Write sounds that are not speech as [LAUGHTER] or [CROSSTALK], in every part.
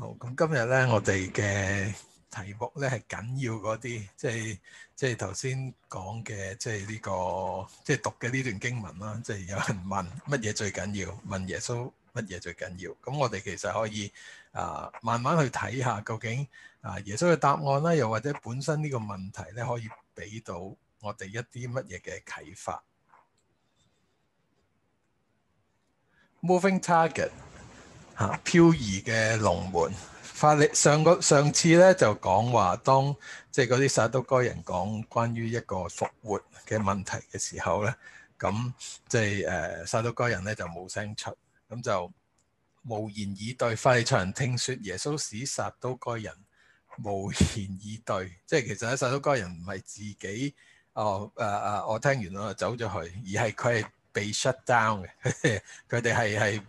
好，咁今日咧，我哋嘅題目咧係緊要嗰啲，即係即係頭先講嘅，即係呢、這個即係讀嘅呢段經文啦。即係有人問乜嘢最緊要，問耶穌乜嘢最緊要。咁我哋其實可以啊、呃，慢慢去睇下究竟啊、呃、耶穌嘅答案啦，又或者本身呢個問題咧，可以俾到我哋一啲乜嘢嘅啟發。Moving target。漂移嘅龍門，法力上個上次咧，就講話，當即係嗰啲撒都該人講關於一個復活嘅問題嘅時候咧，咁即係誒撒都該人咧就冇聲出，咁就無言以對。法利賽人聽說耶穌使撒都該人無言以對，即係其實咧撒都該人唔係自己哦誒誒、啊啊，我聽完我就走咗去，而係佢係被 shut down 嘅，佢哋係係。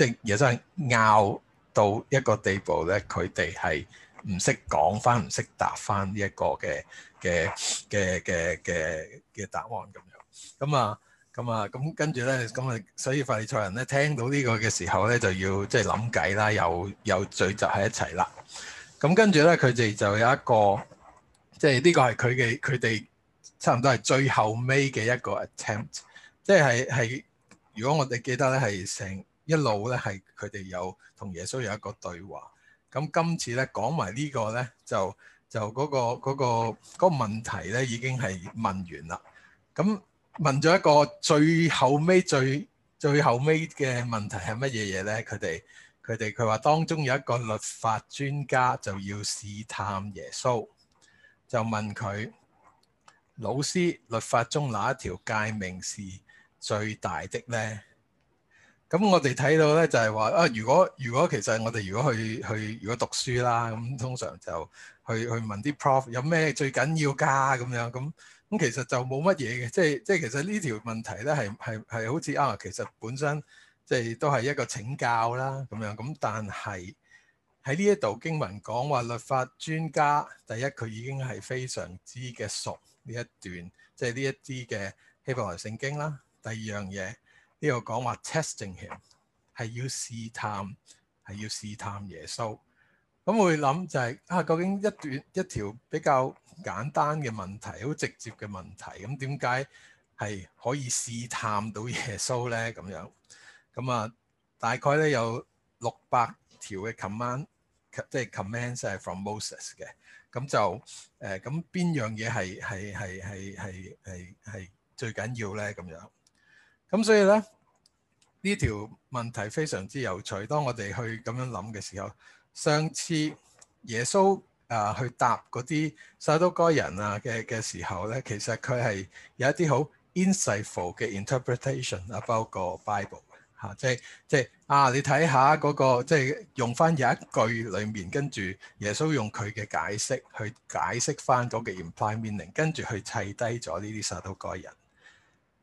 即係嘢真係拗到一個地步咧，佢哋係唔識講翻、唔識答翻呢一個嘅嘅嘅嘅嘅嘅答案咁樣。咁、嗯、啊，咁、嗯、啊，咁、嗯嗯、跟住咧，咁啊，所以法利賽人咧聽到呢個嘅時候咧，就要即係諗計啦，又、就、又、是、聚集喺一齊啦。咁、嗯、跟住咧，佢哋就有一個，即係呢個係佢嘅，佢哋差唔多係最後尾嘅一個 attempt，即係係如果我哋記得咧係成。一路咧係佢哋有同耶穌有一個對話。咁今次咧講埋呢個咧就就嗰個嗰個嗰個問題咧已經係問完啦。咁問咗一個最後尾最最後尾嘅問題，係乜嘢嘢咧？佢哋佢哋佢話當中有一個律法專家就要試探耶穌，就問佢：老師，律法中哪一條戒命是最大的咧？咁、嗯、我哋睇到咧，就係、是、話啊，如果如果其實我哋如果去去如果讀書啦，咁、嗯、通常就去去問啲 prof 有咩最緊要㗎，咁樣咁咁、嗯嗯嗯，其實就冇乜嘢嘅。即係即係其實呢條問題咧，係係係好似啊、嗯，其實本身即係都係一個請教啦咁樣。咁但係喺呢一度經文講話律法專家，第一佢已經係非常之嘅熟呢一段，即係呢一啲嘅希伯來聖經啦。第二樣嘢。呢個講話 Testing him 係要試探，係要試探耶穌。咁我會諗就係、係、啊，究竟一段一條比較簡單嘅問題，好直接嘅問題，咁點解係可以試探到耶穌咧？咁樣咁啊，大概咧有六百條嘅 command，即係 command 係 from Moses 嘅。咁就誒，咁、呃、邊樣嘢係係係係係係係最緊要咧？咁樣。咁所以咧，呢條問題非常之有趣。當我哋去咁樣諗嘅時候，上次耶穌誒、呃、去答啲撒都該人啊嘅嘅時候咧，其實佢係有一啲好 insightful 嘅 interpretation 啊，包括 Bible 嚇，即係即係啊，你睇下、那個即係、就是、用翻有一句裏面，跟住耶穌用佢嘅解釋去解釋翻個 imply 令跟住去砌低咗呢啲撒都該人。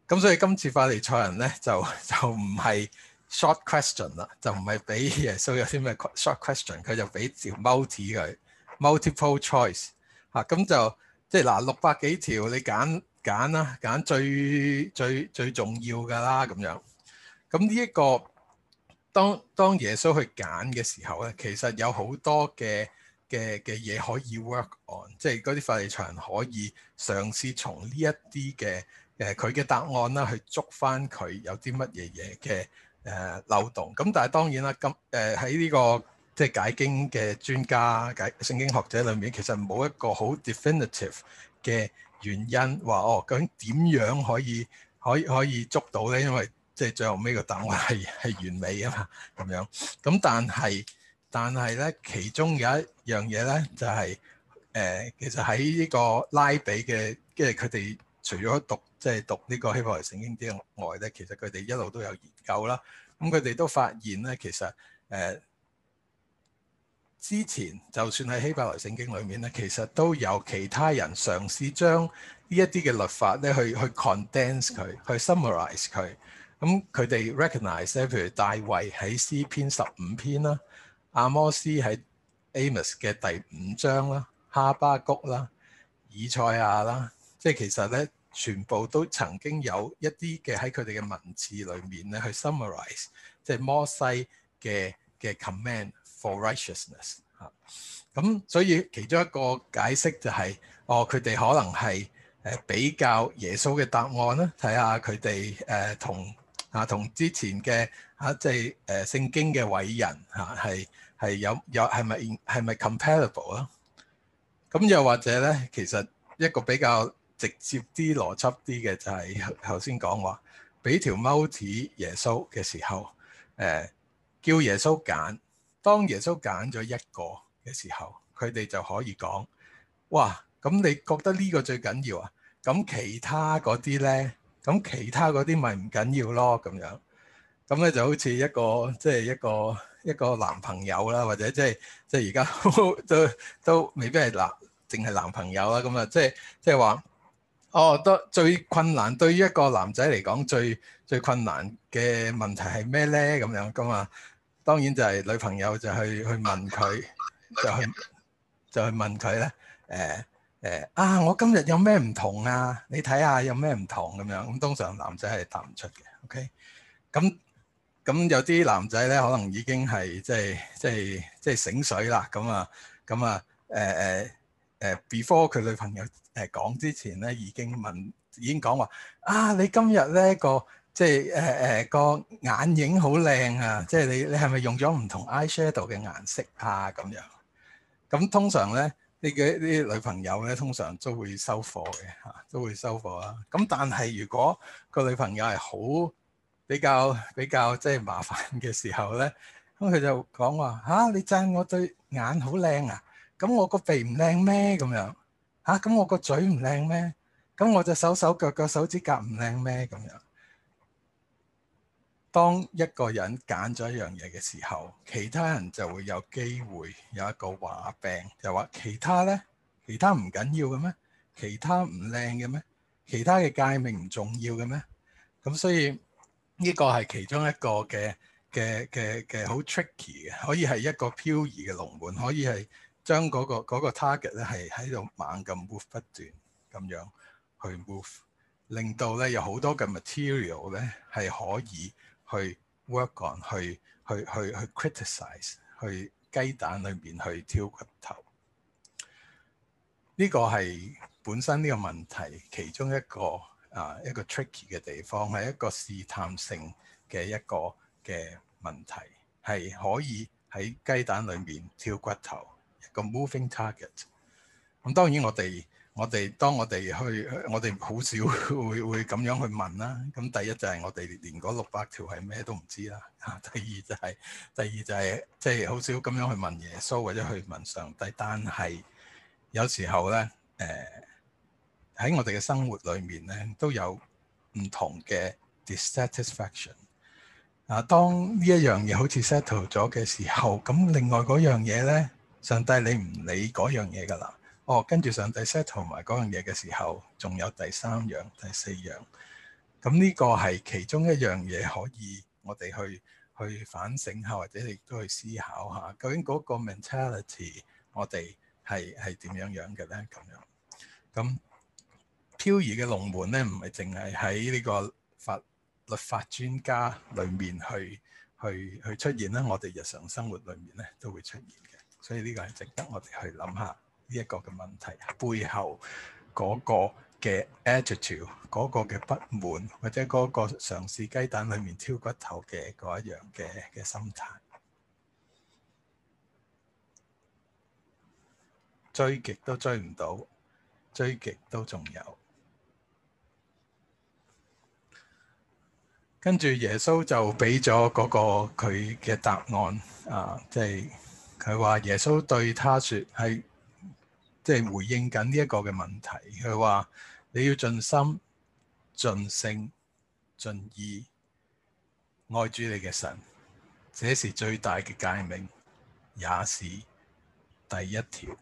咁所以今次法利賽人咧就就唔係 short question 啦，就唔係俾耶穌有啲咩 short question，佢就俾條 m u l t i p multiple choice 嚇、啊，咁就即係嗱六百幾條你揀揀啦，揀最最最重要噶啦咁樣。咁呢一個當當耶穌去揀嘅時候咧，其實有好多嘅嘅嘅嘢可以 work on，即係嗰啲法利賽人可以嘗試從呢一啲嘅。誒佢嘅答案啦，去捉翻佢有啲乜嘢嘢嘅誒漏洞。咁但係當然啦，咁誒喺呢個即係解經嘅專家解聖經學者裏面，其實冇一個好 definitive 嘅原因話哦，究竟點樣可以可以可以捉到咧？因為即係最後尾個答案係係完美啊嘛，咁樣。咁但係但係咧，其中有一樣嘢咧，就係誒呃其實喺呢個拉比嘅，即係佢哋除咗讀。即係讀呢、這個希伯來聖經之外咧，其實佢哋一路都有研究啦。咁佢哋都發現咧，其實誒、呃、之前就算喺希伯來聖經裡面咧，其實都有其他人嘗試將呢一啲嘅律法咧去去 condense 佢，去 summarise 佢。咁佢哋 recognize 咧，um 嗯、ize，譬如大衛喺詩篇十五篇啦，阿摩斯喺 Amos 嘅第五章啦，哈巴谷啦，以賽亞啦，即係其實咧。全部都曾經有一啲嘅喺佢哋嘅文字裏面咧，去 summarize 即係摩西嘅嘅 command for righteousness，嚇。咁所以其中一個解釋就係，哦佢哋可能係誒比較耶穌嘅答案啦，睇下佢哋誒同啊同之前嘅啊即係誒聖經嘅偉人嚇係係有有係咪係咪 comparable 囉？咁又或者咧，其實一個比較。直接啲、邏輯啲嘅就係頭先講話，我俾條貓似耶穌嘅時候，誒、呃、叫耶穌揀。當耶穌揀咗一個嘅時候，佢哋就可以講：哇，咁你覺得呢個最緊要啊？咁其他嗰啲咧，咁其他嗰啲咪唔緊要咯。咁樣咁咧就好似一個即係、就是、一個、就是、一個一個男朋友啦，或者即係即係而家都都未必係男，淨係男朋友啦。咁啊、就是，即係即係話。哦，多最困難對於一個男仔嚟講，最最困難嘅問題係咩咧？咁樣咁啊，當然就係女朋友就去去問佢，就去就去問佢咧。誒、呃、誒啊，我今日有咩唔同啊？你睇下有咩唔同咁樣。咁通常男仔係答唔出嘅。OK，咁咁有啲男仔咧，可能已經係即係即係即係醒水啦。咁啊咁啊誒誒誒，before 佢女朋友。誒講之前咧，已經問已經講話啊，你今日咧個即係誒誒個眼影好靚啊！即係你你係咪用咗唔同 eye shadow 嘅顏色啊？咁樣咁通常咧，呢啲呢啲女朋友咧，通常都會收貨嘅嚇，都會收貨啦。咁但係如果個女朋友係好比較比較即係麻煩嘅時候咧，咁佢就講話嚇，你讚我對眼好靚啊！咁我個鼻唔靚咩？咁樣。嚇！咁、啊、我個嘴唔靚咩？咁我隻手手腳腳手指甲唔靚咩？咁樣，當一個人揀咗一樣嘢嘅時候，其他人就會有機會有一個話柄，就話其他呢？其他唔緊要嘅咩？其他唔靚嘅咩？其他嘅界名唔重要嘅咩？咁所以呢個係其中一個嘅嘅嘅嘅好 tricky 嘅，可以係一個漂移嘅龍門，可以係。將嗰個嗰個 target 咧，係喺度猛咁 move，不斷咁樣去 move，令到咧，有好多嘅 material 咧，係可以去 work on，去去去 criticise，去雞蛋裏面去挑骨頭。呢個係本身呢個問題其中一個啊一個 tricky 嘅地方，係一個試探性嘅一個嘅問題，係可以喺雞蛋裏面挑骨頭。個 moving target。咁當然，我哋我哋當我哋去，我哋好少會會咁樣去問啦。咁第一就係我哋連嗰六百條係咩都唔知啦。嚇，第二就係第二就係即係好少咁樣去問耶穌或者去問上帝。但係有時候咧，誒喺我哋嘅生活裏面咧，都有唔同嘅 dissatisfaction。啊，當呢一樣嘢好似 settle 咗嘅時候，咁另外嗰樣嘢咧。上帝，你唔理嗰樣嘢噶啦。哦，跟住上帝 set 同埋嗰樣嘢嘅時候，仲有第三樣第四樣，咁、嗯、呢、這個係其中一樣嘢，可以我哋去去反省下，或者你都去思考下，究竟嗰個 mentality 我哋係係點樣樣嘅咧？咁樣，咁、嗯、漂移嘅龍門咧，唔係淨係喺呢個法律法專家裏面去去去出現啦，我哋日常生活裏面咧都會出現嘅。所以呢個係值得我哋去諗下呢一個嘅問題，背後嗰個嘅 attitude，嗰個嘅不滿或者嗰個嘗試雞蛋裏面挑骨頭嘅嗰一樣嘅嘅心態，追極都追唔到，追極都仲有。跟住耶穌就俾咗嗰個佢嘅答案啊，即係。佢話耶穌對他説：係即係回應緊呢一個嘅問題。佢話你要盡心、盡性、盡意愛主你嘅神，這是最大嘅誡命，也是第一條。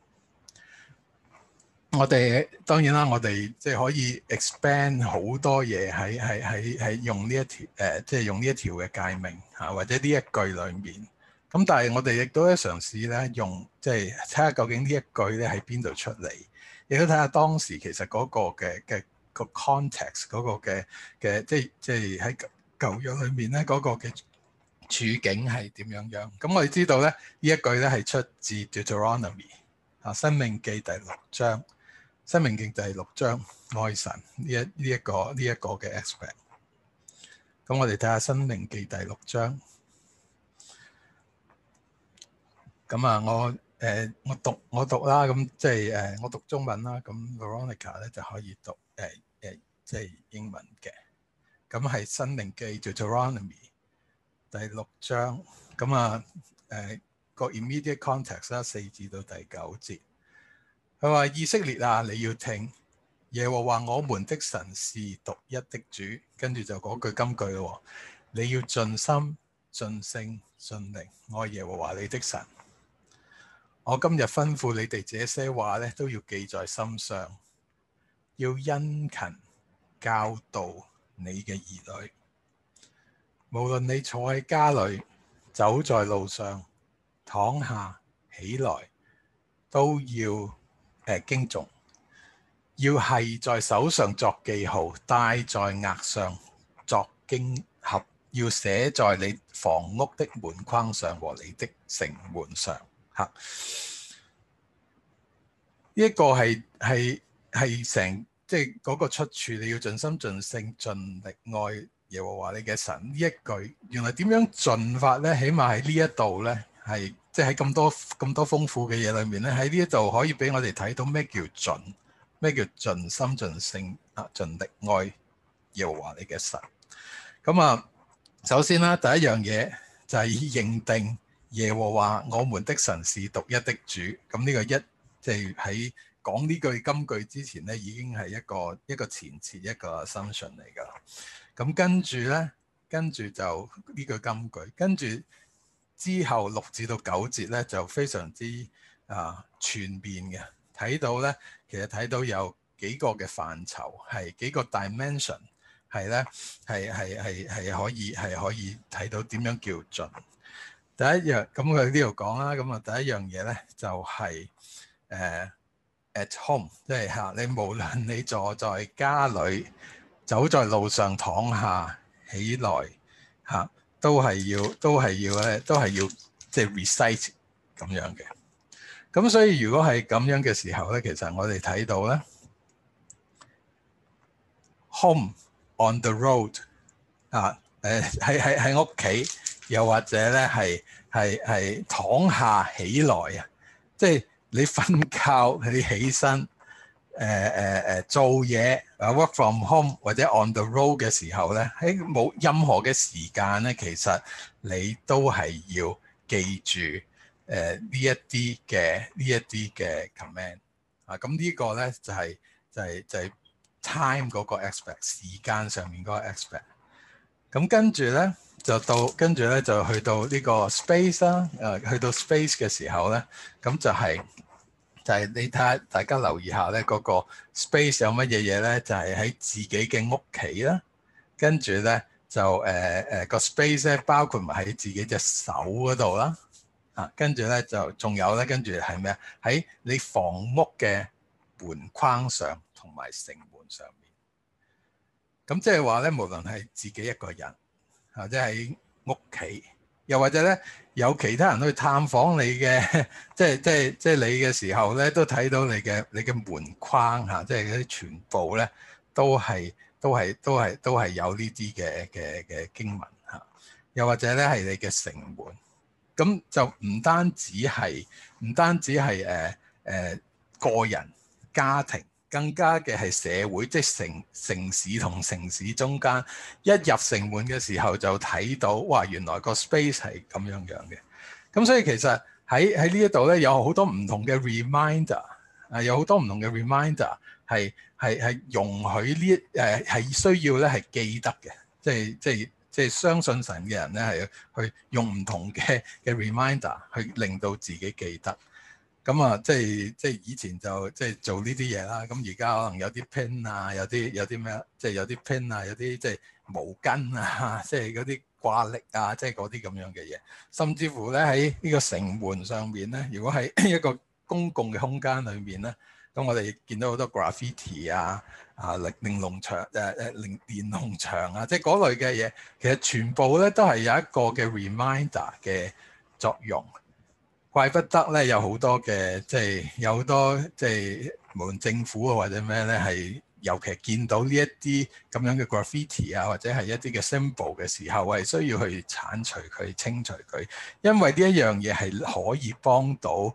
我哋當然啦，我哋即係可以 expand 好多嘢喺喺喺喺用呢一條誒，即、呃、係、就是、用呢一條嘅誡命嚇、啊，或者呢一句裏面。咁但係我哋亦都嘗試咧，用即係睇下究竟呢一句咧喺邊度出嚟，亦都睇下當時其實嗰個嘅嘅個 context 嗰個嘅嘅即係即係喺舊約裏面咧嗰個嘅處境係點樣樣。咁我哋知道咧，呢一句咧係出自《Deuteronomy》啊，《申命記》第六章，《申命記》第六章愛神呢一呢一個呢一個嘅 aspect。咁我哋睇下《申命記》第六章。咁啊、呃，我誒我讀我讀啦，咁即係誒我讀中文啦。咁 Veronica 咧就可以讀誒誒、呃呃，即係英文嘅。咁係《申命記》Deuteronomy 第六章。咁啊誒、呃、個 Immediate Context 啦，四至到第九節。佢話以色列啊，你要聽耶和華我們的神是獨一的主，跟住就嗰句金句咯。你要盡心、盡性、盡力愛耶和華你的神。我今日吩咐你哋，這些話咧都要記在心上，要殷勤教導你嘅兒女。無論你坐喺家裏，走在路上，躺下起來，都要誒經重。要係在手上作記號，戴在額上作經盒，要寫在你房屋的門框上和你的城門上。吓！呢一個係係係成即係嗰個出處，你要盡心盡性盡力愛耶和華你嘅神。呢一句，原來點樣盡法咧？起碼喺呢一度咧，係即係喺咁多咁多豐富嘅嘢裏面咧，喺呢一度可以俾我哋睇到咩叫盡，咩叫盡心盡性啊，盡力愛耶和華你嘅神。咁啊，首先啦，第一樣嘢就係認定。耶和華，我們的神是獨一的主。咁呢個一，即係喺講呢句金句之前呢，已經係一個一個前設一個 assumption 嚟噶。咁跟住呢，跟住就呢句、這個、金句，跟住之後六至到九節呢，就非常之啊全面嘅。睇到呢，其實睇到有幾個嘅範疇，係幾個 dimension，係呢，係係係係可以係可以睇到點樣叫盡。第一樣，咁佢呢度講啦，咁啊第一樣嘢咧就係誒 at home，即係嚇你無論你坐在家裏、走在路上、躺下起來嚇，都係要都係要咧，都係要即係 recite 咁樣嘅。咁所以如果係咁樣嘅時候咧，其實我哋睇到咧，home on the road 啊，誒喺喺喺屋企。又或者咧，係係係躺下起來啊！即係你瞓覺，你起身，誒誒誒做嘢啊，work from home 或者 on the road 嘅時候咧，喺冇任何嘅時間咧，其實你都係要記住誒呢一啲嘅呢一啲嘅 command 啊！咁呢個咧就係就係就係 time 嗰個 aspect，時間上面嗰個 aspect。咁跟住咧就到，跟住咧就去到呢個 space 啦。誒去到 space 嘅時候咧，咁就係、是、就係、是、你睇下大家留意下咧、就是呃啊，個 space 有乜嘢嘢咧？就係喺自己嘅屋企啦。跟住咧就誒誒個 space 咧，包括埋喺自己隻手度啦。啊，跟住咧就仲有咧，跟住係咩啊？喺你房屋嘅門框上同埋城門上面。咁即係話咧，無論係自己一個人，或者喺屋企，又或者咧有其他人去探訪你嘅，即係即係即係你嘅時候咧，都睇到你嘅你嘅門框嚇，即係啲全部咧都係都係都係都係有呢啲嘅嘅嘅經文嚇、啊，又或者咧係你嘅城門，咁就唔單止係唔單止係誒誒個人家庭。更加嘅係社會，即係城城市同城市中間，一入城門嘅時候就睇到，哇！原來個 space 係咁樣樣嘅。咁所以其實喺喺呢一度咧，有好多唔同嘅 reminder 啊，有好多唔同嘅 reminder 係係係容許呢一誒係需要咧係記得嘅，即係即係即係相信神嘅人咧係去用唔同嘅嘅 reminder 去令到自己記得。咁啊、嗯，即係即係以前就即係做呢啲嘢啦。咁而家可能有啲 pen 啊，有啲有啲咩，即係有啲 pen 啊，有啲即係毛巾啊，即係嗰啲掛曆啊，即係嗰啲咁樣嘅嘢。甚至乎咧喺呢個城門上面咧，如果喺一個公共嘅空間裏面咧，咁、嗯、我哋見到好多 graffiti 啊啊，連、啊、連，連儂牆誒誒、啊，連連儂牆啊，即係嗰類嘅嘢。其實全部咧都係有一個嘅 reminder 嘅作用。怪不得咧，有好多嘅即係有好多即係無論政府啊或者咩咧，係尤其見到呢一啲咁樣嘅 graffiti 啊，或者係一啲嘅 symbol 嘅時候，我係需要去鏟除佢、清除佢，因為呢一樣嘢係可以幫到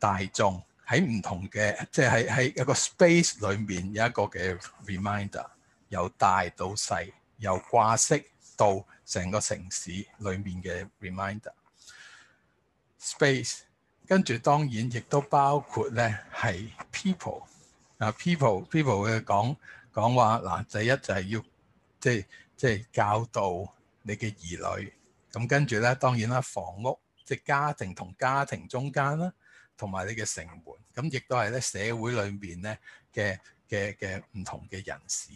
大眾，喺唔同嘅即係喺一個 space 裏面有一個嘅 reminder，由大到細由掛飾到成個城市裏面嘅 reminder。space，跟住當然亦都包括咧係 people，啊 people，people 嘅 people 講，講話嗱，第一就係要即係即係教導你嘅兒女，咁跟住咧當然啦房屋，即係家庭同家庭中間啦，同埋你嘅城門，咁亦都係咧社會裏面咧嘅嘅嘅唔同嘅人士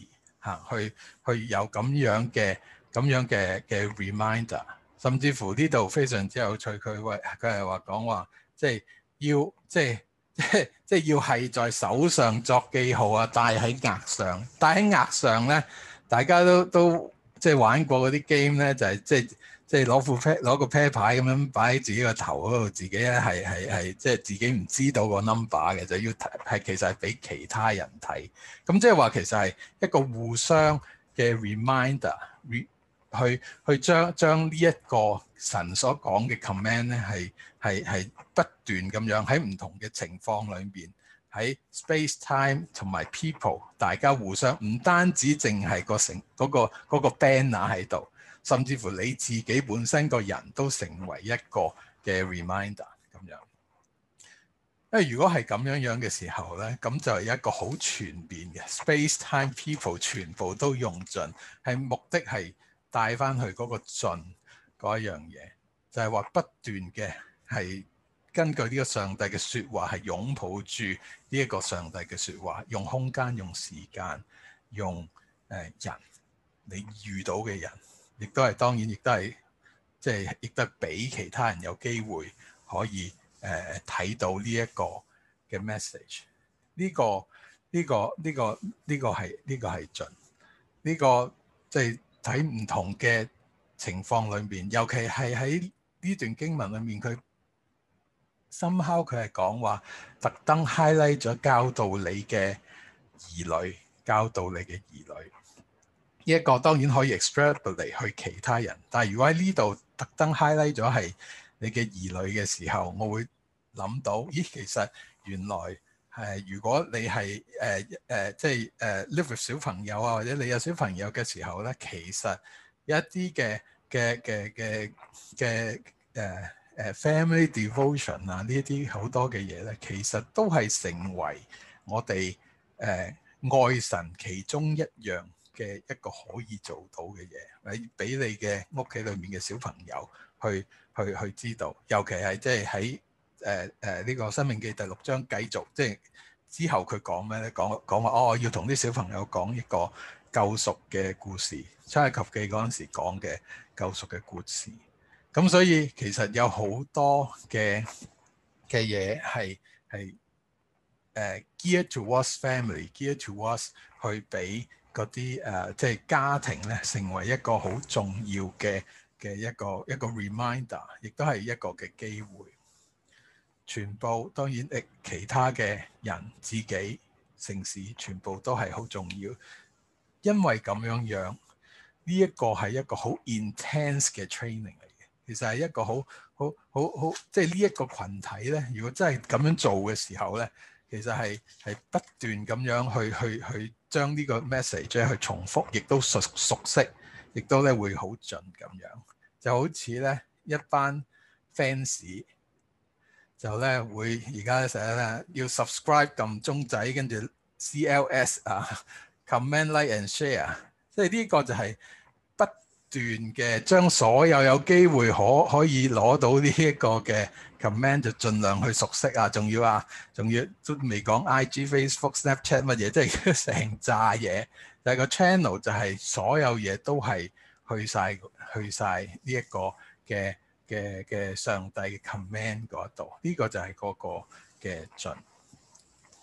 嚇、啊，去去有咁樣嘅咁樣嘅嘅 reminder。甚至乎呢度非常之有趣，佢佢係話講話，即係要即係即係即係要係在手上作記號啊，戴喺額上。戴喺額上咧，大家都都即係玩過嗰啲 game 咧，就係即係即係攞副攞個啤牌咁樣擺喺自己個頭嗰度，自己咧係係係即係自己唔知道個 number 嘅，就要睇係其實係俾其他人睇。咁即係話其實係一個互相嘅 reminder。去去將將呢一個神所講嘅 command 咧，係係係不斷咁樣喺唔同嘅情況裏面，喺 space、time 同埋 people，大家互相唔單止淨係個成嗰、嗰個、嗰個、banner 喺度，甚至乎你自己本身個人都成為一個嘅 reminder 咁樣。因為，如果係咁樣樣嘅時候咧，咁就係一個好全面嘅 space、time、people 全部都用盡，係目的係。帶翻去嗰個盡嗰一樣嘢，就係、是、話不斷嘅係根據呢個上帝嘅說話，係擁抱住呢一個上帝嘅說話，用空間、用時間、用誒、呃、人你遇到嘅人，亦都係當然、就是，亦都係即係亦都係俾其他人有機會可以誒睇、呃、到呢一個嘅 message。呢、這個呢、這個呢、這個呢、這個係呢、這個係盡呢、這個即係。就是喺唔同嘅情況裏面，尤其係喺呢段經文裏面，佢 somehow 佢係講話特登 highlight 咗教導你嘅兒女，教導你嘅兒女呢一個當然可以 extend 到嚟去其他人，但係如果喺呢度特登 highlight 咗係你嘅兒女嘅時候，我會諗到咦，其實原來。係、呃，如果你係誒誒，即係誒、呃、live 小朋友啊，或者你有小朋友嘅時候咧，其實一啲嘅嘅嘅嘅嘅誒誒 family devotion 啊，呢啲好多嘅嘢咧，其實都係成為我哋誒、呃、愛神其中一樣嘅一個可以做到嘅嘢，俾俾你嘅屋企裡面嘅小朋友去去去知道，尤其係即係喺。誒誒，呢個《生命記》第六章繼續，即係之後佢講咩咧？講講話哦，我要同啲小朋友講一個救贖嘅故事，《七愛及記出埃及記》嗰陣時講嘅救贖嘅故事。咁所以其實有好多嘅嘅嘢係係誒，gear towards family，gear towards 去俾嗰啲誒，即係家庭咧，成為一個好重要嘅嘅一個一個 reminder，亦都係一個嘅機會。全部當然誒，其他嘅人、自己、城市，全部都係好重要。因為咁樣樣，呢一個係一個好 intense 嘅 training 嚟嘅。其實係一個好好好好，即係呢一個群體咧。如果真係咁樣做嘅時候咧，其實係係不斷咁樣去去去將呢個 message 去重複，亦都熟熟悉，亦都咧會好盡咁樣。就好似咧一班 fans。就咧會而家成日咧要 subscribe 撳鐘仔，跟住 CLS 啊 command like and share，即係呢個就係不斷嘅將所有有機會可可以攞到呢一個嘅 command 就盡量去熟悉啊，仲要啊，仲要都未講 IG、Facebook、Snapchat 乜嘢，即係成炸嘢。但係個 channel 就係所有嘢都係去晒去曬呢一個嘅。嘅嘅上帝嘅 command 嗰度，呢、呢個就係個個嘅盡。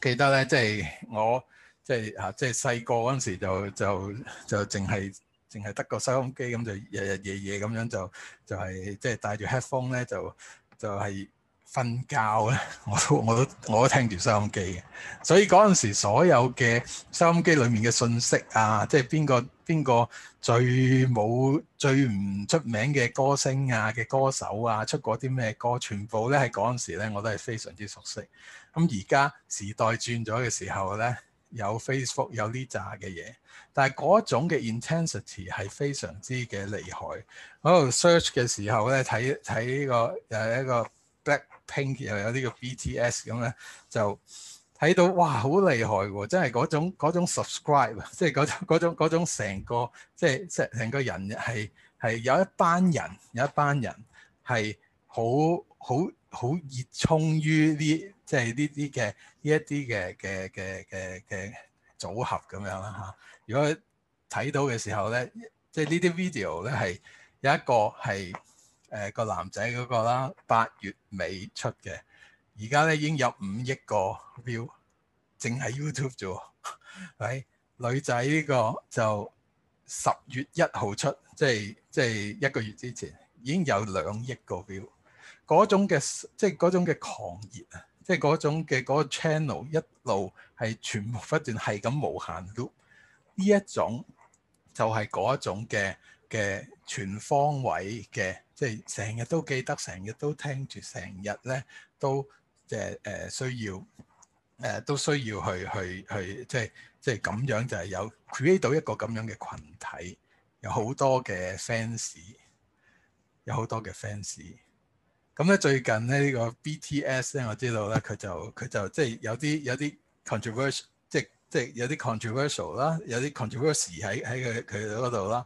記得咧，即係我即係啊，即係細個嗰陣時就就就淨係淨係得個收音機咁，就日日夜夜咁樣就就係即係戴住 headphone 咧，就係、就係、係。就就瞓覺咧，我都我都我都聽住收音機嘅，所以嗰陣時所有嘅收音機裡面嘅信息啊，即係邊個邊個最冇最唔出名嘅歌星啊嘅歌手啊出過啲咩歌，全部咧喺嗰陣時咧我都係非常之熟悉。咁而家時代轉咗嘅時候咧，有 Facebook 有呢拃嘅嘢，但係嗰種嘅 intensity 係非常之嘅厲害。嗰度 search 嘅時候咧，睇睇呢個又係一個 black Pink 又有呢個 BTS 咁咧，就睇到哇好厲害喎！真係嗰種嗰種 subscribe，即係嗰種嗰種嗰種成個即係成成個人係係有一班人有一班人係好好好熱衷於呢即係呢啲嘅呢一啲嘅嘅嘅嘅嘅組合咁樣啦嚇。如果睇到嘅時候咧，即係呢啲 video 咧係有一個係。誒、呃、個男仔嗰個啦，八月尾出嘅，而家咧已經有五億個 view，淨係 YouTube 做。誒女仔呢個就十月一號出，即係即係一個月之前已經有兩億個 view，嗰種嘅即係嗰種嘅狂熱啊，即係嗰種嘅嗰、嗰個 channel 一路係全部不斷係咁無限 loop，呢一種就係嗰一種嘅。嘅全方位嘅，即係成日都記得，成日都聽住，成日咧都誒誒、呃、需要誒、呃、都需要去去去，即係即係咁樣就係、是、有 create 到一個咁樣嘅群體，有好多嘅 fans，有好多嘅 fans。咁、嗯、咧最近咧呢、這個 BTS 咧，我知道咧佢就佢就即係有啲有啲 controversial，即係即係有啲 controversial 啦，有啲 controversy 喺喺佢佢嗰度啦。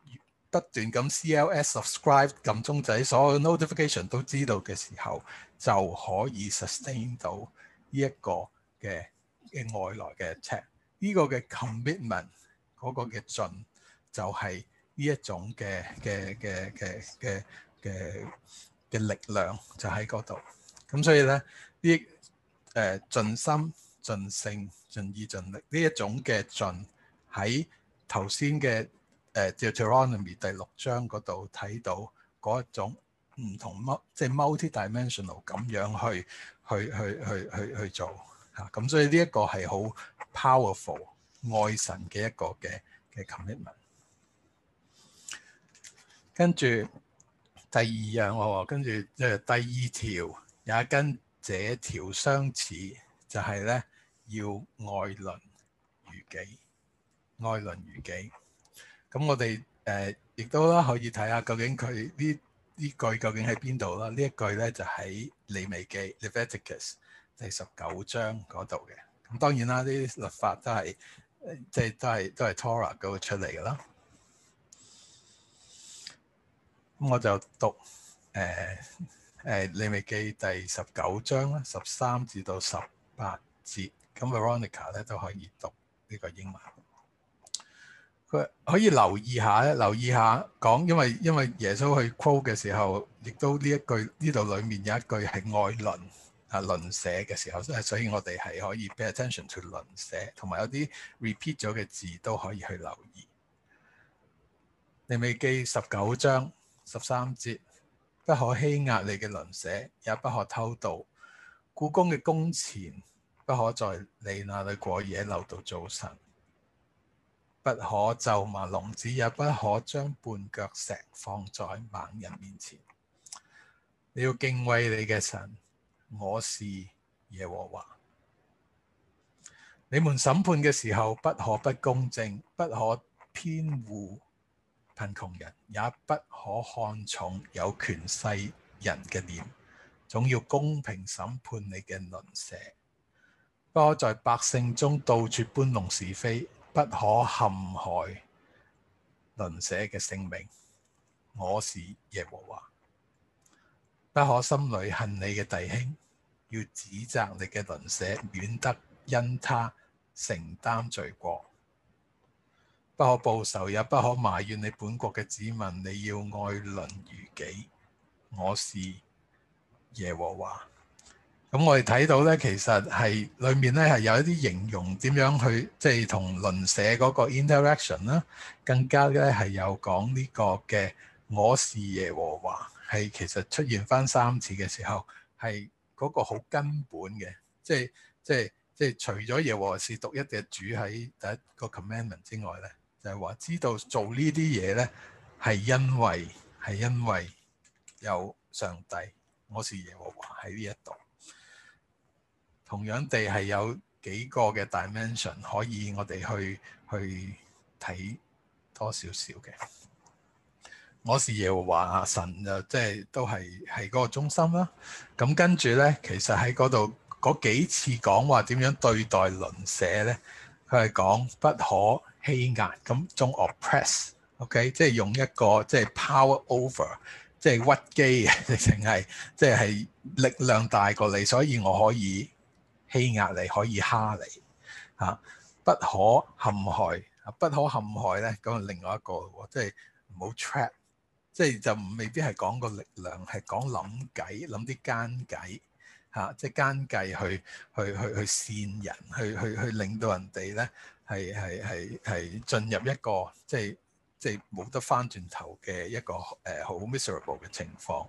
不斷咁 CLS subscribe 撳鐘仔，所有 notification 都知道嘅時候，就可以 sustain 到呢一個嘅嘅外來嘅 check，呢個嘅 commitment 嗰個嘅盡就係、是、呢一種嘅嘅嘅嘅嘅嘅嘅力量就，就喺嗰度。咁所以咧，呢誒盡心盡性盡意盡力呢一種嘅盡喺頭先嘅。誒《uh, Deuteronomy》第六章嗰度睇到嗰一種唔同，即係 multi-dimensional 咁樣去去去去去去做嚇。咁、啊、所以呢一個係好 powerful 愛神嘅一個嘅嘅 commitment。跟住第二樣、哦、跟住誒、呃、第二條也跟這條相似，就係、是、咧要愛鄰如己，愛鄰如己。咁我哋誒亦都啦，可以睇下究竟佢呢呢句究竟喺邊度啦？呢一句咧就喺利未記 （Leviticus） 第十九章嗰度嘅。咁當然啦，呢啲律法都係即係都係都係 Torah 嗰度出嚟嘅咯。咁我就讀誒誒、呃呃、利未記第十九章啦，十三至到十八節。咁 Veronica 咧都可以讀呢個英文。可以留意下咧，留意下講，因為因為耶穌去 call 嘅時候，亦都呢一句呢度裡面有一句係愛鄰啊鄰舍嘅時候，所以所以我哋係可以 pay attention 去鄰舍，同埋有啲 repeat 咗嘅字都可以去留意。利未記十九章十三節，不可欺壓你嘅鄰舍，也不可偷盜。僱工嘅工錢不可在你那裡過夜留到早晨。不可咒罵聾子，也不可將絆腳石放在盲人面前。你要敬畏你嘅神，我是耶和華。你們審判嘅時候，不可不公正，不可偏護貧窮人，也不可看重有權勢人嘅臉，總要公平審判你嘅鄰舍。不可在百姓中到處搬弄是非。不可陷害鄰舍嘅性命，我是耶和華。不可心裏恨你嘅弟兄，要指責你嘅鄰舍，免得因他承擔罪過。不可報仇，也不可埋怨你本國嘅子民，你要愛鄰如己。我是耶和華。咁我哋睇到咧，其實係裡面咧係有一啲形容點樣去即係同鄰舍嗰個 interaction 啦，更加咧係有講呢個嘅。我是耶和華係其實出現返三次嘅時候，係嗰個好根本嘅，即係即係即係除咗耶和華是獨一嘅主喺第一個 commandment 之外咧，就係話知道做呢啲嘢咧係因為係因為有上帝。我是耶和華喺呢一度。同樣地係有幾個嘅 dimension 可以我哋去去睇多少少嘅。我是耶和華神就即係都係係嗰個中心啦。咁跟住咧，其實喺嗰度嗰幾次講話點樣對待鄰舍咧，佢係講不可欺壓，咁種 oppress，ok，即係用一個即係 power over，即係屈機，直情係即係力量大過你，所以我可以。欺壓你可以蝦你嚇，不可陷害啊！不可陷害咧，咁係另外一個喎，即係唔好 trap，即係就未必係講個力量，係講諗計，諗啲奸計嚇，即係奸計去去去去騙人，去去去，去令到人哋咧係係係係進入一個即係即係冇得返轉頭嘅一個誒好 miserable 嘅情況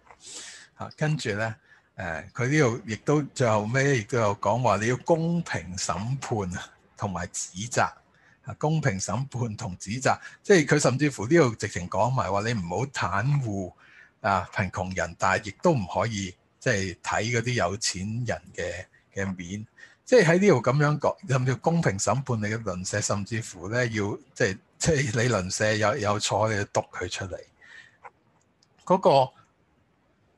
嚇，跟住咧。誒，佢呢度亦都最後尾亦都有講話，你要公平審判同埋指責啊，公平審判同指責，即係佢甚至乎呢度直情講埋話，你唔好袒護啊貧窮人，但係亦都唔可以即係睇嗰啲有錢人嘅嘅面，即係喺呢度咁樣講，甚至公平審判你嘅鄰舍，甚至乎咧要即係即係你鄰舍有有錯嘅，督佢出嚟，嗰、嗰個。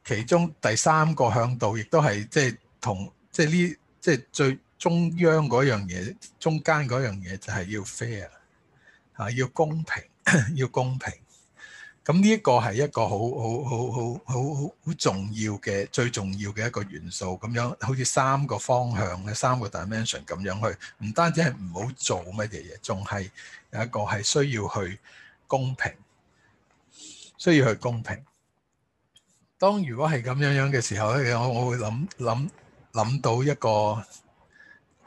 其中第三個向度，亦都係即係同即係呢即係最中央嗰樣嘢，中間嗰樣嘢就係要 fair，嚇要公平， [LAUGHS] 要公平。咁呢一個係一個好好好好好好重要嘅最重要嘅一個元素，咁樣好似三個方向嘅三個 dimension 咁樣去，唔單止係唔好做乜嘢嘢，仲係有一個係需要去公平，需要去公平。當如果係咁樣樣嘅時候咧，我我會諗諗諗到一個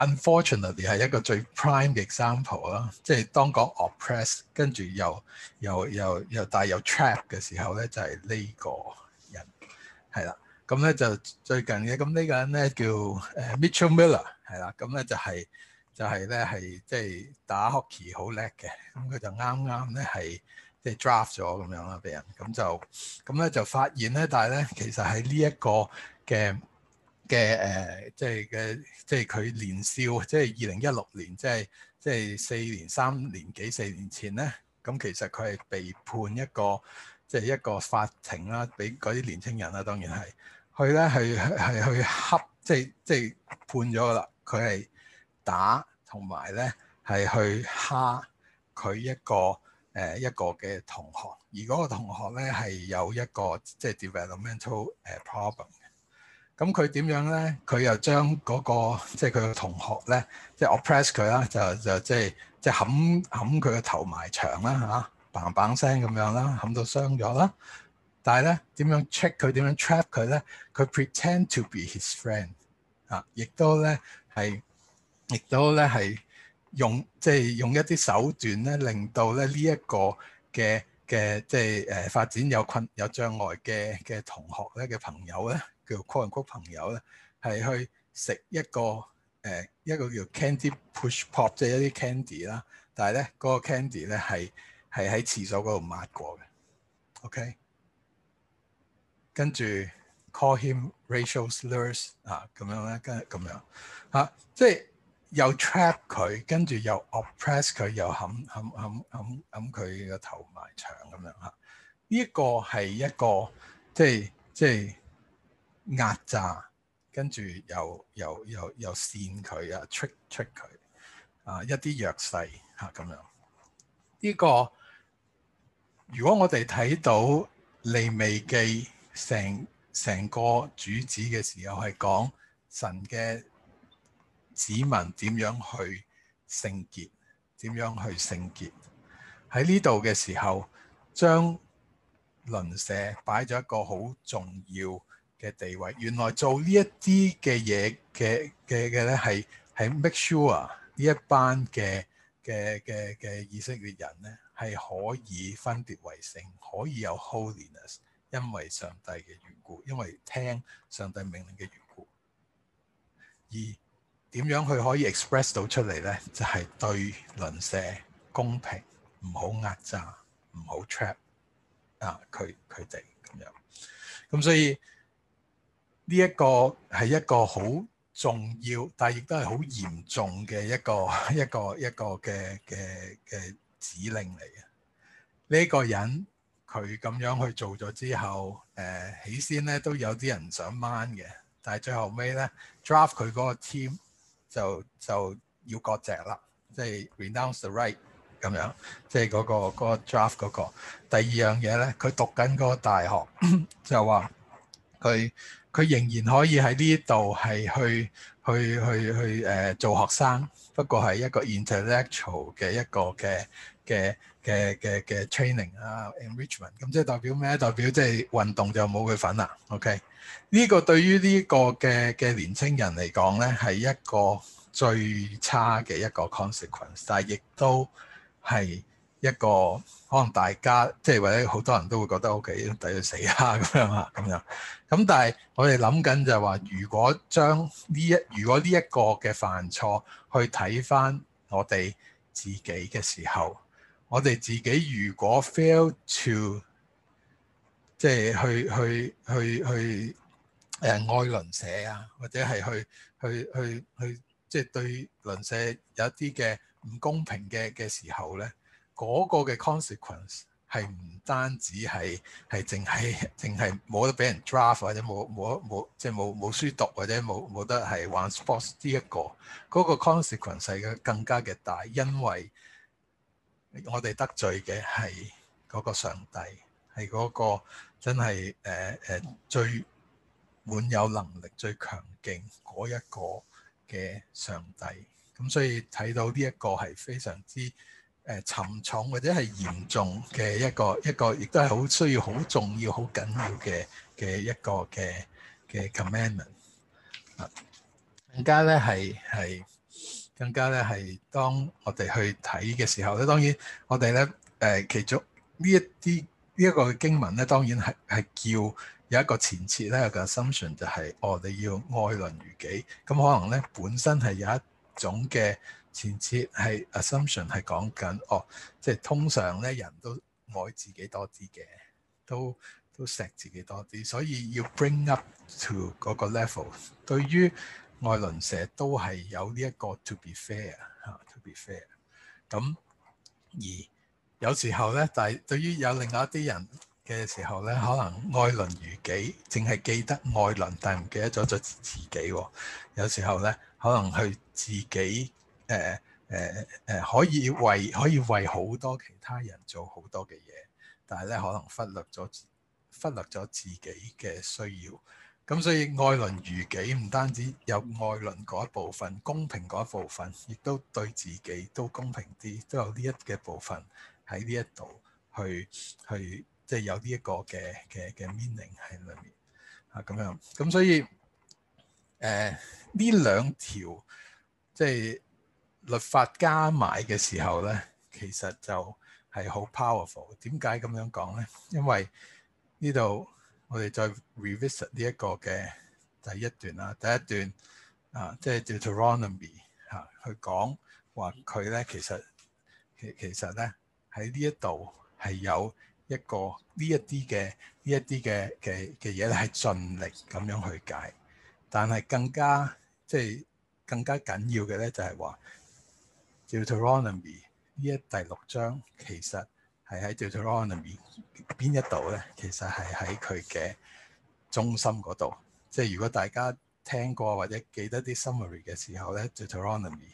unfortunately 係一個最 prime 嘅 example 啦，即係當講 oppress 跟住又又又又但係 trap 嘅時候咧，就係、是、呢個人係啦。咁咧就最近嘅咁呢個人咧叫 Mitchell Miller 係啦，咁咧就係就係咧係即係打 hockey 好叻嘅，咁佢就啱啱咧係。即係 draft 咗咁樣啦，俾人咁就咁咧就發現咧，但係咧其實喺呢一個嘅嘅誒，即係嘅即係佢年少，即係二零一六年，即係即係四年三年幾四年前咧，咁其實佢係被判一個即係、就是、一個法庭啦、啊，俾嗰啲年青人啦、啊，當然係佢咧係係去恰，即係即係判咗噶啦，佢係打同埋咧係去蝦佢一個，誒一個嘅同學，而嗰個同學咧係有一個即係、就是、developmental 誒 problem 嘅。咁佢點樣咧？佢又將嗰、那個即係佢個同學咧，即係 oppress 佢啦，就是、就即係即係冚冚佢個頭埋牆啦，嚇 bang bang 聲咁樣啦，冚到傷咗啦。但係咧點樣 check 佢？點樣 trap 佢咧？佢 pretend to be his friend 啊，亦都咧係，亦都咧係。用即係用一啲手段咧，令到咧呢一、這個嘅嘅即係誒、呃、發展有困有障礙嘅嘅同學咧嘅朋友咧，叫 quirky 朋友咧，係去食一個誒、呃、一個叫 candy push pop 即係一啲 candy 啦，但係咧嗰個 candy 咧係係喺廁所嗰度抹過嘅，OK。跟住 call him racial slurs 啊，咁樣咧，跟咁樣，啊，即係。又 trap 佢，跟住又 oppress 佢，又冚冚冚冚冚佢個頭埋牆咁樣嚇。呢一個係一個即係即係壓榨，跟住又又又又扇佢啊，trick trick 佢啊，一啲弱勢嚇咁樣。呢、呢個如果我哋睇到利未記成成個主旨嘅時候，係講神嘅。子民點樣去聖潔？點樣去聖潔？喺呢度嘅時候，將鄰舍擺咗一個好重要嘅地位。原來做呢一啲嘅嘢嘅嘅嘅咧，係係 make sure 呢一班嘅嘅嘅嘅以色列人咧，係可以分別為聖，可以有 holiness，因為上帝嘅緣故，因為聽上帝命令嘅緣故。而點樣佢可以 express 到出嚟咧？就係對鄰舍公平，唔好壓榨，唔好 trap 啊佢佢哋咁樣。咁所以呢一個係一個好重要，但係亦都係好嚴重嘅一個一個一個嘅嘅嘅指令嚟嘅。呢個人佢咁樣去做咗之後，誒起先咧都有啲人想 mind 嘅，但係最後尾咧 draft 佢嗰個 team。就就要割席啦，即、就、係、是、renounce the right 咁樣，即係嗰個嗰、嗰個 draft 嗰、嗰個。第二樣嘢咧，佢讀緊嗰個大學， [LAUGHS] 就話佢佢仍然可以喺呢度係去去去去誒、呃、做學生，不過係一個 intellectual 嘅一個嘅嘅。嘅嘅嘅 training 啊、uh，enrichment，咁即係代表咩？代表即係運動就冇佢份啦。OK，呢個對於呢個嘅嘅年青人嚟講咧，係一個最差嘅一個 consequence，但係亦都係一個可能大家即係或者好多人都會覺得 OK 抵到死啊咁樣啊，咁樣，咁但係我哋諗緊就係話，如果將呢一如果呢一個嘅犯錯去睇翻我哋自己嘅時候。我哋自己如果 fail to 即係去去去去誒愛鄰舍啊，或者係去去去去即係對鄰舍有一啲嘅唔公平嘅嘅時候咧，嗰個嘅 consequence 係唔單止係係淨係淨係冇得俾人 draft 或者冇冇冇即係冇冇書讀或者冇冇得係玩 sports 呢一個，嗰個、嗰個 consequence 係更加嘅大，因為。我哋得罪嘅係嗰個上帝，係嗰個真係誒誒最滿有能力、最強勁嗰一個嘅上帝。咁所以睇到呢一個係非常之誒、呃、沉重或者係嚴重嘅一個一個，亦都係好需要好重要、好緊要嘅嘅一個嘅嘅 commandment 啊！而家咧係係。更加咧係當我哋去睇嘅時候咧，當然我哋咧誒其中呢一啲呢一個經文咧，當然係係叫有一個前設咧，有個 assumption 就係我哋要愛鄰如己。咁、嗯、可能咧本身係有一種嘅前設係 assumption 係講緊哦，即係通常咧人都愛自己多啲嘅，都都錫自己多啲，所以要 bring up to 嗰個 level 對於。愛鄰舍都係有呢一個 to be fair 嚇，to be fair。咁而有時候咧，但係對於有另外一啲人嘅時候咧，可能愛鄰如己，淨係記得愛鄰，但係唔記得咗咗自己哦。有時候咧，可能佢自己誒誒誒，可以為可以為好多其他人做好多嘅嘢，但係咧可能忽略咗忽略咗自己嘅需要。咁所以愛鄰如己，唔單止有愛鄰嗰一部分，公平嗰一部分，亦都對自己都公平啲，都有呢一嘅部分喺呢一度去去，即係、就是、有呢一個嘅嘅嘅 meaning 喺裏面啊！咁樣，咁所以誒呢兩條即係律法加埋嘅時候咧，其實就係好 powerful。點解咁樣講咧？因為呢度。我哋再 revisit 呢一個嘅第一段啦，第一段啊，即、就、係、是、Deuteronomy 嚇、啊，去講話佢咧，其實其其實咧喺呢一度係有一個呢一啲嘅呢一啲嘅嘅嘅嘢咧，係盡力咁樣去解，但係更加即係、就是、更加緊要嘅咧就係、是、話 Deuteronomy 呢一第六章其實。係喺 Deuteronomy 邊一度咧？其實係喺佢嘅中心嗰度。即係如果大家聽過或者記得啲 summary 嘅時候咧，Deuteronomy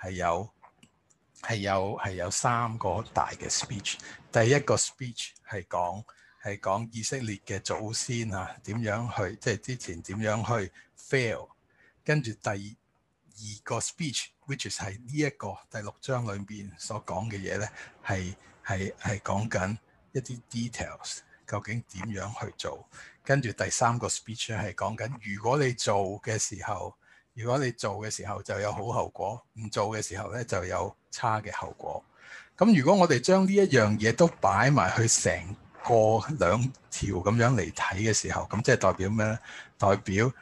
係有係有係有三個大嘅 speech。第一個 speech 係講係講以色列嘅祖先啊點樣去，即係之前點樣去 fail。跟住第二個 speech，which is 係呢一個第六章裏邊所講嘅嘢咧，係。係係講緊一啲 details，究竟點樣去做？跟住第三個 speech 係講緊，如果你做嘅時候，如果你做嘅時候就有好後果，唔做嘅時候咧就有差嘅後果。咁如果我哋將呢一樣嘢都擺埋去成個兩條咁樣嚟睇嘅時候，咁即係代表咩咧？代表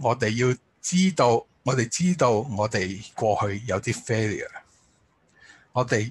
我哋要知道，我哋知道我哋過去有啲 failure，我哋。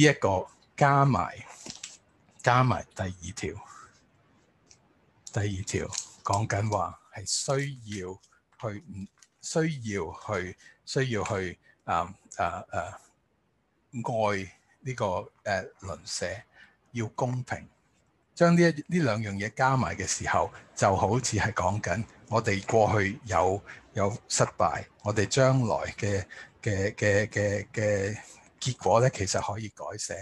呢一個加埋加埋，第二條第二條講緊話係需要去唔需要去需要去啊啊啊愛呢個誒鄰舍要公平，將呢一呢兩樣嘢加埋嘅時候，就好似係講緊我哋過去有有失敗，我哋將來嘅嘅嘅嘅嘅。結果咧，其實可以改寫。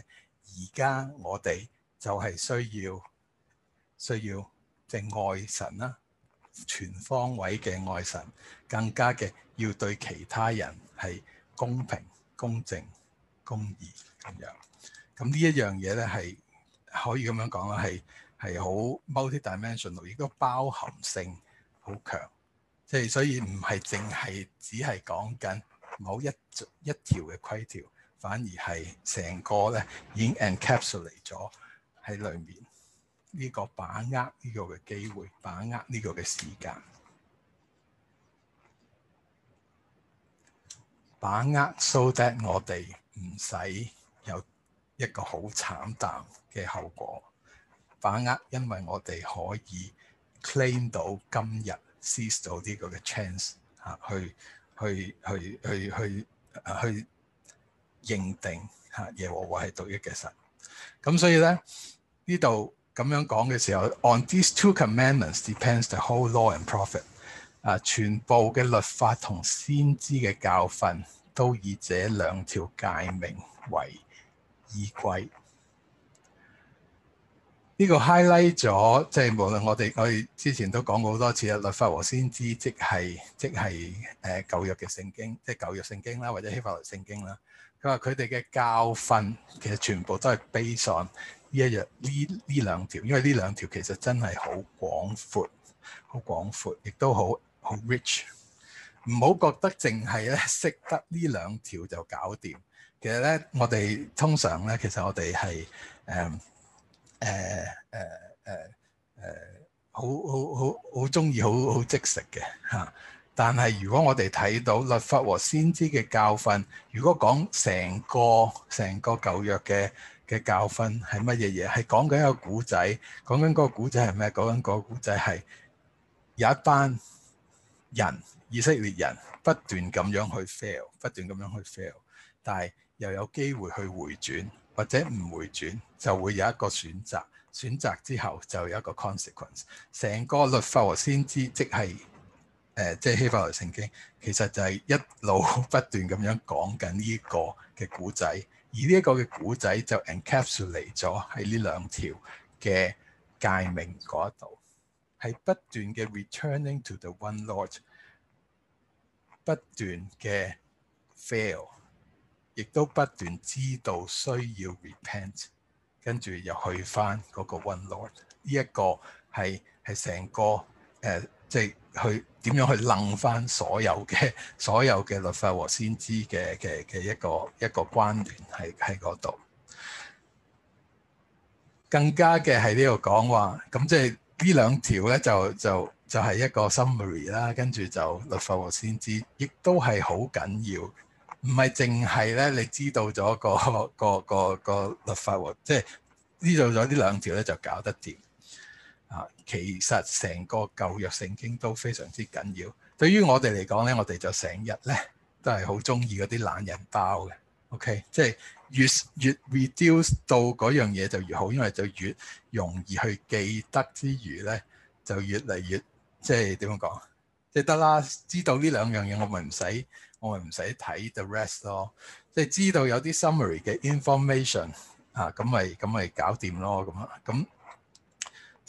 而家我哋就係需要需要即係愛神啦、啊，全方位嘅愛神，更加嘅要對其他人係公平、公正、公義咁樣。咁呢一樣嘢咧係可以咁樣講啦，係係好 multi-dimensional，亦都包含性好強，即係所以唔係淨係只係講緊某一一條嘅規條。反而係成個咧，已經 encapsulate 咗喺裡面。呢、這個把握呢個嘅機會，把握呢個嘅時間，把握 so that 我哋唔使有一個好慘淡嘅後果。把握，因為我哋可以 claim 到今日 see 到呢個嘅 chance 嚇，去去去去去去。去去啊去認定嚇耶和華係獨一嘅神，咁所以咧呢度咁樣講嘅時候，on these two commandments depends the whole law and prophet 啊，全部嘅律法同先知嘅教訓都以這兩條誡命為依歸。呢、這個 highlight 咗，即、就、係、是、無論我哋我哋之前都講過好多次啦，律法和先知即係即係誒、啊、舊約嘅聖經，即係舊約聖經啦，或者希伯來聖經啦。佢話：佢哋嘅教訓其實全部都係 base on 呢一樣呢呢兩條，因為呢兩條其實真係好廣闊，好廣闊，亦都好好 rich。唔好覺得淨係咧識得呢兩條就搞掂。其實咧，我哋通常咧，其實我哋係誒誒誒誒誒好好好好中意好好即食嘅嚇。啊但係，如果我哋睇到律法和先知嘅教訓，如果講成個成個舊約嘅嘅教訓係乜嘢嘢？係講緊一個古仔，講緊個古仔係咩？講緊個古仔係有一班人以色列人不斷咁樣去 fail，不斷咁樣去 fail，但係又有機會去回轉，或者唔回轉，就會有一個選擇。選擇之後就有一個 consequence。成個律法和先知即係。誒、呃，即係希伯來聖經，其實就係一路不斷咁樣講緊呢個嘅古仔，而呢一個嘅古仔就 encapsulate 咗喺呢兩條嘅誡命嗰度，係不斷嘅 returning to the one Lord，不斷嘅 fail，亦都不斷知道需要 repent，跟住又去翻嗰個 one Lord 個。呢一個係係成個誒，即係。去點樣去楞翻，所有嘅所有嘅律法和先知嘅嘅嘅，一個一個關聯係喺度，更加嘅係呢度講話，咁即係呢兩條咧就就就係一個 summary 啦，跟住就律法和先知，亦都係好緊要，唔係淨係咧，你知道咗個個個個個律法和，即係知道咗呢兩條咧就搞得掂。啊，其實成個舊約聖經都非常之緊要。對於我哋嚟講咧，我哋就成日咧都係好中意嗰啲懶人包嘅。OK，即係越越 reduce 到嗰樣嘢就越好，因為就越容易去記得之餘咧，就越嚟越即係點樣講？即係得啦，知道呢兩樣嘢，我咪唔使，我咪唔使睇 the rest 咯。即係知道有啲 summary 嘅 information 啊，咁咪咁咪搞掂咯。咁啊，咁。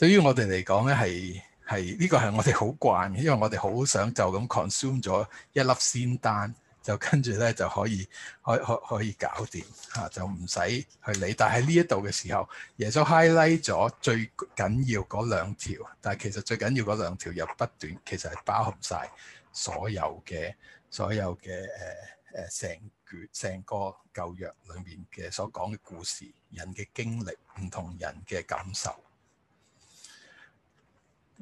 對於我哋嚟講咧，係係呢個係我哋好慣嘅，因為我哋好想就咁 consume 咗一粒仙丹，就跟住咧就可以可可可以搞掂嚇、啊，就唔使去理。但係呢一度嘅時候，耶穌 highlight 咗最緊要嗰兩條，但係其實最緊要嗰兩條又不斷其實係包含晒所有嘅所有嘅誒誒成成個舊約裏面嘅所講嘅故事，人嘅經歷，唔同人嘅感受。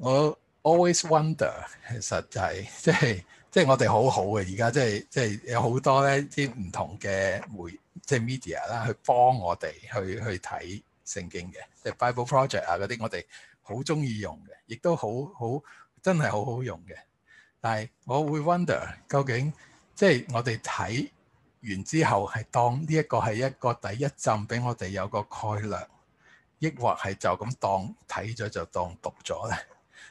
我 always wonder，其實就係即係即係我哋好好嘅而家，即係即係有好多咧啲唔同嘅媒即係 media 啦，去幫我哋去去睇聖經嘅，即係 Bible Project 啊嗰啲，我哋好中意用嘅，亦都好好真係好好用嘅。但係我會 wonder，究竟即係我哋睇完之後係當呢一個係一個第一浸，俾我哋有個概略，抑或係就咁當睇咗就當讀咗咧？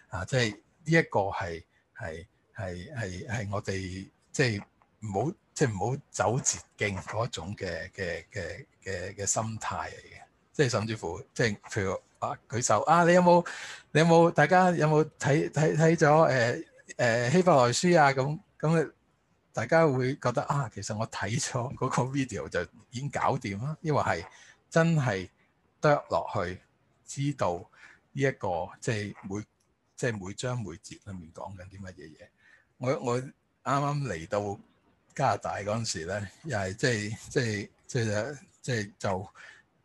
啊！即係呢一個係係係係係我哋即係唔好即係唔好走捷徑嗰種嘅嘅嘅嘅嘅心態嚟嘅。即係甚至乎，即係譬如啊，舉手啊，你有冇你有冇？大家有冇睇睇睇咗誒誒希伯來書啊？咁咁大家會覺得啊，其實我睇咗嗰個 video 就已經搞掂啦。抑或係真係得落去知道呢、這、一個即係每即係每章每節裏面講緊啲乜嘢嘢，我我啱啱嚟到加拿大嗰陣時咧，又係即係即係即係即係做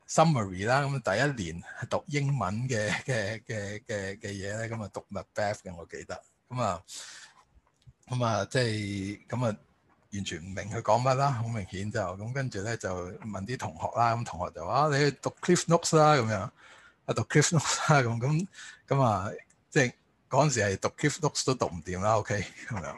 summary 啦。咁第一年係讀英文嘅嘅嘅嘅嘅嘢咧，咁啊、嗯、讀 Macbeth 嘅我記得，咁啊咁啊即係咁啊完全唔明佢講乜啦，好明顯就咁跟住咧就問啲同學啦，咁同學就話、啊、你去讀 Cliff Notes 啦，咁、啊、樣啊讀 Cliff Notes 啦，咁咁咁啊即係。嗰陣時係讀 Cliff Notes 都讀唔掂啦，OK 咁樣。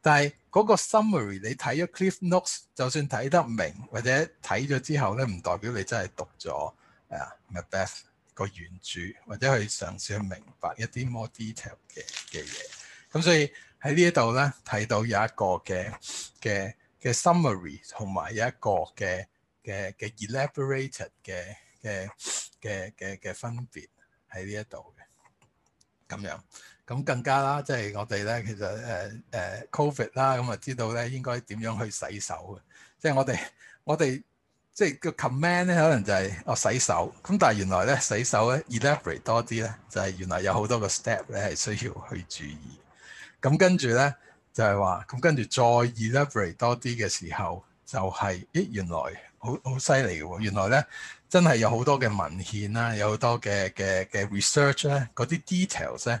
但係嗰個 summary 你睇咗 Cliff Notes，就算睇得明或者睇咗之後咧，唔代表你真係讀咗啊《Macbeth》個原著，或者去嘗試去明白一啲 more detail 嘅嘅嘢。咁所以喺呢一度咧，睇到有一個嘅嘅嘅 summary 同埋有一個嘅嘅嘅 elaborated 嘅嘅嘅嘅分別喺呢一度嘅，咁樣。咁更加啦，即係我哋咧，其實誒誒、呃呃、COVID 啦，咁、嗯、啊知道咧應該點樣去洗手嘅。即係我哋我哋即係個 command 咧，可能就係、是、我、哦、洗手。咁但係原來咧洗手咧 elaborate 多啲咧，就係、是、原來有好多個 step 咧係需要去注意。咁跟住咧就係、是、話，咁跟住再 elaborate 多啲嘅時候，就係、是、咦原來好好犀利嘅喎。原來咧、哦、真係有好多嘅文獻啦，有好多嘅嘅嘅 research 咧，嗰啲 details 咧。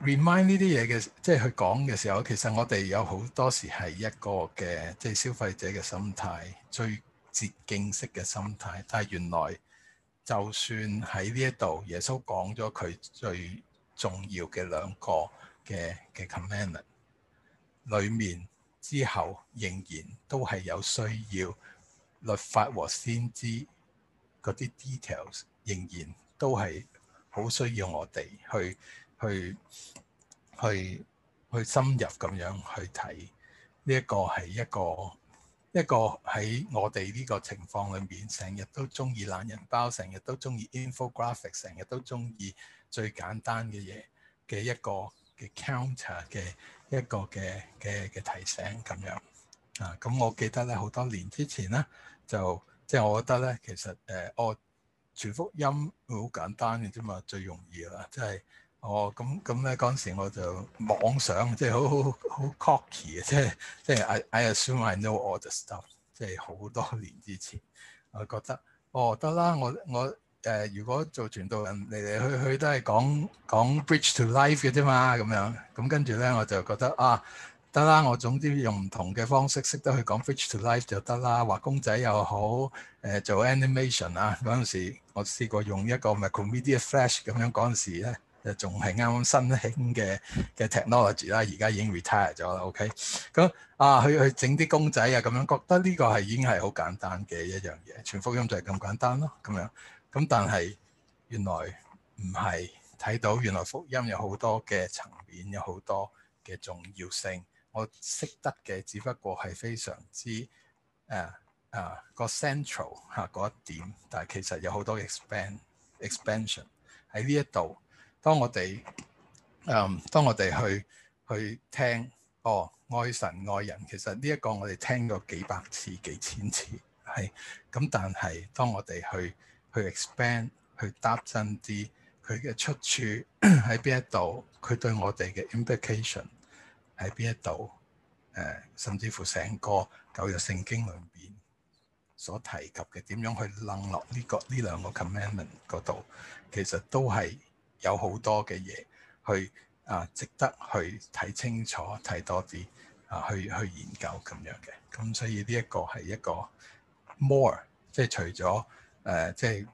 remind 呢啲嘢嘅，即係佢講嘅時候，其實我哋有好多時係一個嘅，即係消費者嘅心態，最捷徑式嘅心態。但係原來，就算喺呢一度，耶穌講咗佢最重要嘅兩個嘅嘅 commandment，裏面之後仍然都係有需要律法和先知嗰啲 details，仍然都係好需要我哋去。去去去深入咁樣去睇呢一個係一個一個喺我哋呢個情況裏面，成日都中意懶人包，成日都中意 infographic，成日都中意最簡單嘅嘢嘅一個嘅 counter 嘅一個嘅嘅嘅提醒咁樣啊！咁我記得咧，好多年之前咧，就即係我覺得咧，其實誒哦，傳福音好簡單嘅啫嘛，最容易啦，即係。哦，咁咁咧，嗰陣時我就妄想，即係好好好 cocky 嘅，cock y，即係即係 I assume I know all the stuff，即係好多年之前，我覺得哦得啦，我我誒、呃、如果做傳道人嚟嚟去去都係講講 bridge to life 嘅啫嘛，咁樣咁、嗯、跟住咧我就覺得啊得啦，我總之用唔同嘅方式識得去講 bridge to life 就得啦，畫公仔又好誒、呃、做 animation 啊。嗰陣時我試過用一個 Macromedia Flash 咁樣，嗰陣時咧。仲係啱啱新興嘅嘅 technology 啦，而家已經 retire 咗啦。OK，咁啊，去去整啲公仔啊，咁樣覺得呢個係已經係好簡單嘅一樣嘢。傳福音就係咁簡單咯，咁樣咁，但係原來唔係，睇到原來福音有好多嘅層面，有好多嘅重要性。我識得嘅只不過係非常之誒誒、啊啊、個 central 嚇、啊、一點，但係其實有好多 expand expansion 喺呢一度。當我哋誒、嗯，當我哋去去聽，哦，愛神愛人，其實呢一個我哋聽過幾百次、幾千次，係咁。但係當我哋去去 expand，去搭真啲，佢嘅出處喺邊一度，佢對我哋嘅 implication 喺邊一度，誒、呃，甚至乎成個舊約聖經裏邊所提及嘅點樣去楞落呢、這個呢兩個 commandment 嗰度，其實都係。有好多嘅嘢去啊，值得去睇清楚、睇多啲啊，去去研究咁樣嘅。咁所以呢一個係一個 more，即係除咗誒、呃，即係誒、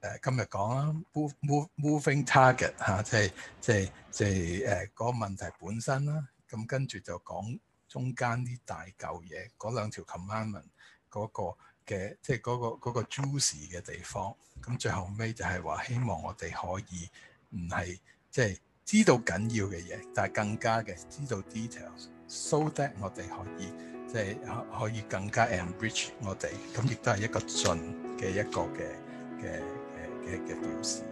呃、今日講啦 move move moving target 嚇、啊，即係即係即係誒嗰個問題本身啦。咁跟住就講中間啲大嚿嘢，嗰兩條 commandment 嗰個嘅，即係嗰個、嗰個、嗰個、juicy 嘅地方。咁最後尾就係話希望我哋可以。唔係，即係、就是、知道緊要嘅嘢，但係更加嘅知道 details，so s So that 我哋可以即係、就是、 [NOISE] 可以更加 enrich 我哋，咁亦都係一個盡嘅一個嘅嘅嘅嘅表示。